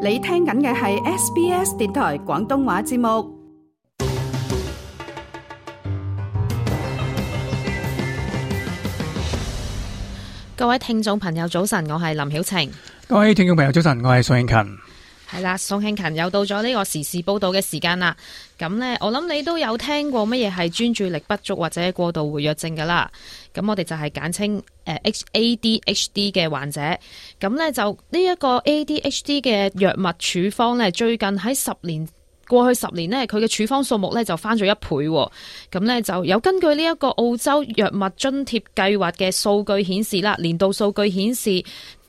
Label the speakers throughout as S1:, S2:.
S1: 你聽緊嘅係 SBS 電台廣東話節目，各位聽眾朋友早晨，我係林曉晴。
S2: 各位聽眾朋友早晨，我係宋應勤。
S1: 係啦，宋慶勤，又到咗呢個時事報道嘅時間啦。咁呢，我諗你都有聽過乜嘢係專注力不足或者過度活躍症噶啦。咁我哋就係簡稱誒 ADHD，呃、嘅患者。咁呢，就呢一，這個 ADHD 嘅藥物處方呢，最近喺十年過去十年呢，佢嘅處方數目呢就翻咗一倍，啊。咁呢，就有根據呢一個澳洲藥物津貼計劃嘅數據顯示啦，年度數據顯示。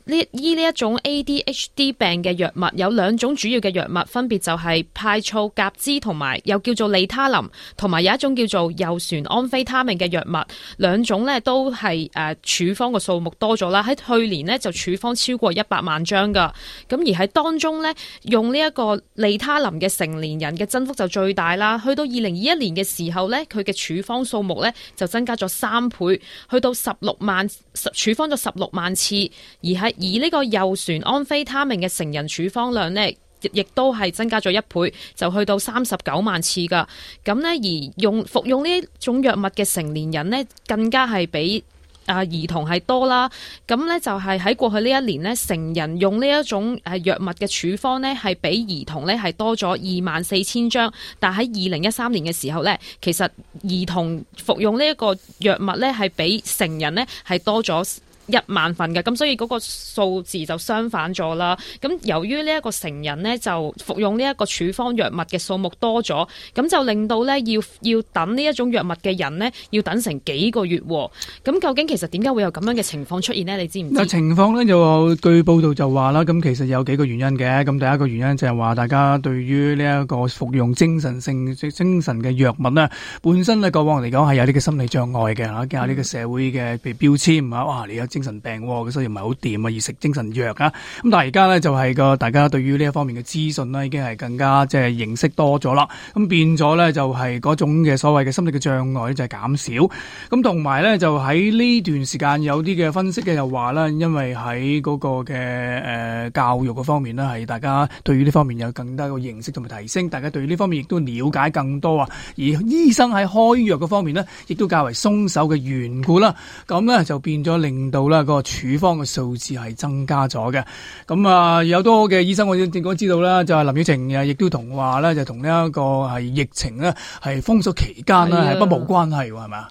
S1: 呢呢一種 ADHD 病嘅藥物有兩種主要嘅藥物，分別就係派醋甲酯同埋又叫做利他林，同埋有一種叫做右旋安非他命嘅藥物。兩種呢都係誒、呃、處方嘅數目多咗啦。喺去年呢，就處方超過一百萬張㗎。咁而喺當中呢，用呢一個利他林嘅成年人嘅增幅就最大啦。去到二零二一年嘅時候呢，佢嘅處方數目呢就增加咗三倍，去到十六萬十處方咗十六萬次，而喺而呢個右旋安非他命嘅成人處方量呢，亦都係增加咗一倍，就去到三十九萬次噶。咁呢，而用服用呢一種藥物嘅成年人呢，更加係比啊、呃、兒童係多啦。咁呢，就係、是、喺過去呢一年呢，成人用呢一種誒藥物嘅處方呢，係比兒童呢係多咗二萬四千張。但喺二零一三年嘅時候呢，其實兒童服用呢一個藥物呢，係比成人呢係多咗。一萬份嘅，咁所以嗰個數字就相反咗啦。咁由於呢一個成人咧，就服用呢一個處方藥物嘅數目多咗，咁就令到咧要要等呢一種藥物嘅人咧，要等成幾個月喎。咁究竟其實點解會有咁樣嘅情況出現咧？你知唔知？咁
S2: 情況咧就據報道就話啦，咁其實有幾個原因嘅。咁第一個原因就係話大家對於呢一個服用精神性即係精神嘅藥物咧，本身咧過往嚟講係有呢個心理障礙嘅嚇。見下呢個社會嘅標籤啊，哇！你有知？精神病嘅，所以唔係好掂啊，而食精神藥啊，咁但係而家咧就係個大家對於呢一方面嘅資訊咧，已經係更加即係認識多咗啦，咁變咗咧就係嗰種嘅所謂嘅心理嘅障礙咧就係減少，咁同埋咧就喺呢段時間有啲嘅分析嘅又話咧，因為喺嗰個嘅誒、呃、教育嘅方面咧，係大家對於呢方面有更加嘅認識同埋提升，大家對於呢方面亦都了解更多啊，而醫生喺開藥嘅方面咧亦都較為鬆手嘅緣故啦，咁咧就變咗令到。啦，個處方嘅數字係增加咗嘅，咁啊，有多嘅醫生，我應該知道啦，就係林曉晴啊，亦都同話咧，就同呢一個係疫情咧，係封鎖期間呢，係不無關係嘅的，係咪？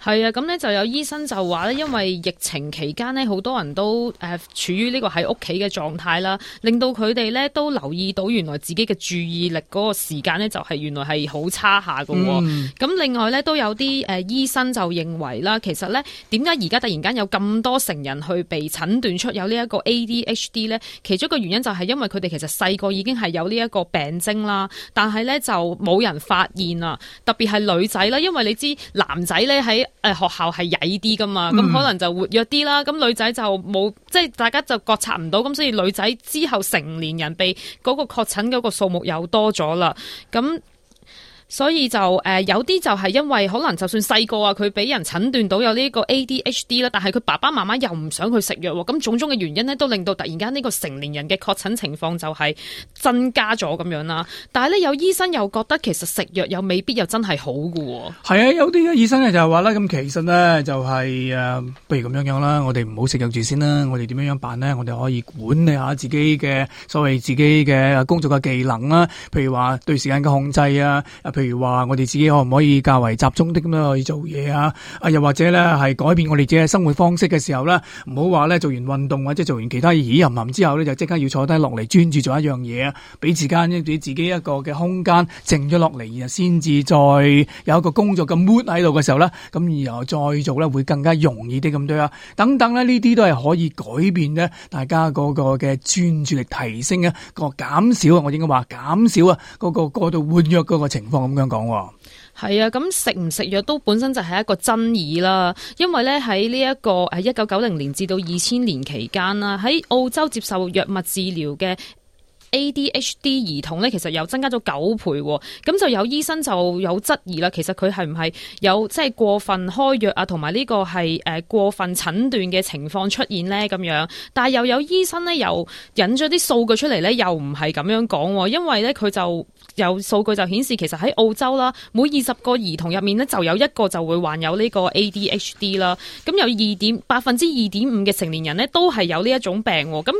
S1: 係啊，咁呢就有醫生就話咧，因為疫情期間呢，好多人都誒、呃、處於呢個喺屋企嘅狀態啦，令到佢哋咧都留意到原來自己嘅注意力嗰個時間呢，就係原來係好差下㗎喎。咁、嗯、另外呢，都有啲誒、呃、醫生就認為啦，其實呢點解而家突然間有咁多成人去被診斷出有呢一個 ADHD 呢？其中一個原因就係因為佢哋其實細個已經係有呢一個病徵啦，但係呢就冇人發現啦，特別係女仔啦，因為你知男仔呢喺誒、哎，學校係曳啲㗎嘛，咁、嗯、可能就活躍啲啦。咁女仔就冇，即係大家就覺察唔到，咁所以女仔之後成年人被嗰個確診嗰個數目又多咗啦。咁所以就誒、呃、有啲就係因為可能就算細個啊佢俾人診斷到有呢個 ADHD 啦，但係佢爸爸媽媽又唔想去食藥，咁種種嘅原因呢，都令到突然間呢個成年人嘅確診情況就係增加咗咁樣啦。但係呢，有醫生又覺得其實食藥又未必又真係好嘅。
S2: 係啊，有啲嘅醫生咧就係話啦，咁其實呢就係、是、誒、呃，不如咁樣樣啦，我哋唔好食藥住先啦，我哋點樣樣辦呢？我哋可以管理下自己嘅所謂自己嘅工作嘅技能啦，譬如話對時間嘅控制啊。呃譬如話我哋自己可唔可以較為集中啲咁樣去做嘢啊？啊，又或者咧係改變我哋自己嘅生活方式嘅時候咧，唔好話咧做完運動或者做完其他嘢啊唔之後咧就即刻要坐低落嚟專注做一樣嘢啊，俾時間自己自己一個嘅空間靜咗落嚟，然後先至再有一個工作嘅 mood 喺度嘅時候咧，咁然後再做咧會更加容易啲咁多啊！等等咧呢啲都係可以改變咧大家嗰個嘅專注力提升啊，嗰個減少啊，我應該話減少啊，嗰、個過度活躍嗰個情況。咁樣講喎，係啊，咁食唔
S1: 食藥都本身就係一個爭議啦，因為咧喺呢一個喺一九九零年至到二千年期間啦，喺澳洲接受藥物治療嘅。ADHD 兒童咧，其實又增加咗九倍，咁就有醫生就有質疑啦。其實佢係唔係有即係、就是、過分開藥啊，同埋呢個係誒、呃、過分診斷嘅情況出現呢？咁樣。但係又有醫生咧又引咗啲數據出嚟，咧又唔係咁樣講。因為咧佢就有數據就顯示，其實喺澳洲啦，每二十個兒童入面咧就有一個就會患有呢個 ADHD 啦。咁有二點百分之二點五嘅成年人咧都係有呢一種病。咁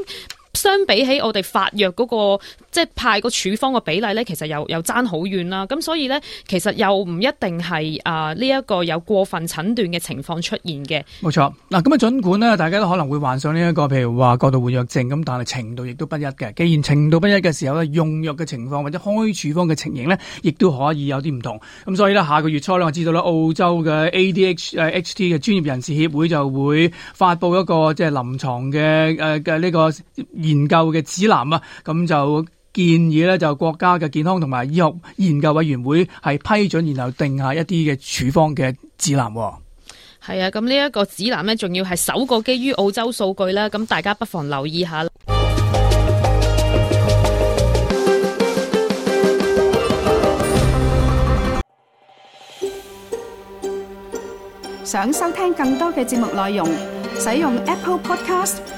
S1: 相比起我哋發藥嗰，那個，即、就、係、是、派個處方嘅比例呢，其實又又爭好遠啦。咁所以呢，其實又唔一定係啊呢一、這個有過分診斷嘅情況出現嘅。
S2: 冇錯，嗱咁啊，儘管呢大家都可能會患上呢一個，譬如話過度活藥症咁，但係程度亦都不一嘅。既然程度不一嘅時候呢，用藥嘅情況或者開處方嘅情形呢，亦都可以有啲唔同。咁所以呢，下個月初呢我知道啦，澳洲嘅 ADH 誒、呃、HT 嘅專業人士協會就會發布一個即係臨床嘅誒嘅呢個。研究嘅指南啊，咁就建議咧，就國家嘅健康同埋醫學研究委員會係批准，然後定下一啲嘅處方嘅指南。
S1: 係啊，咁呢一個指南咧，仲要係首個基於澳洲數據啦。咁大家不妨留意下。想收聽更多嘅節目內容，使用 Apple Podcast。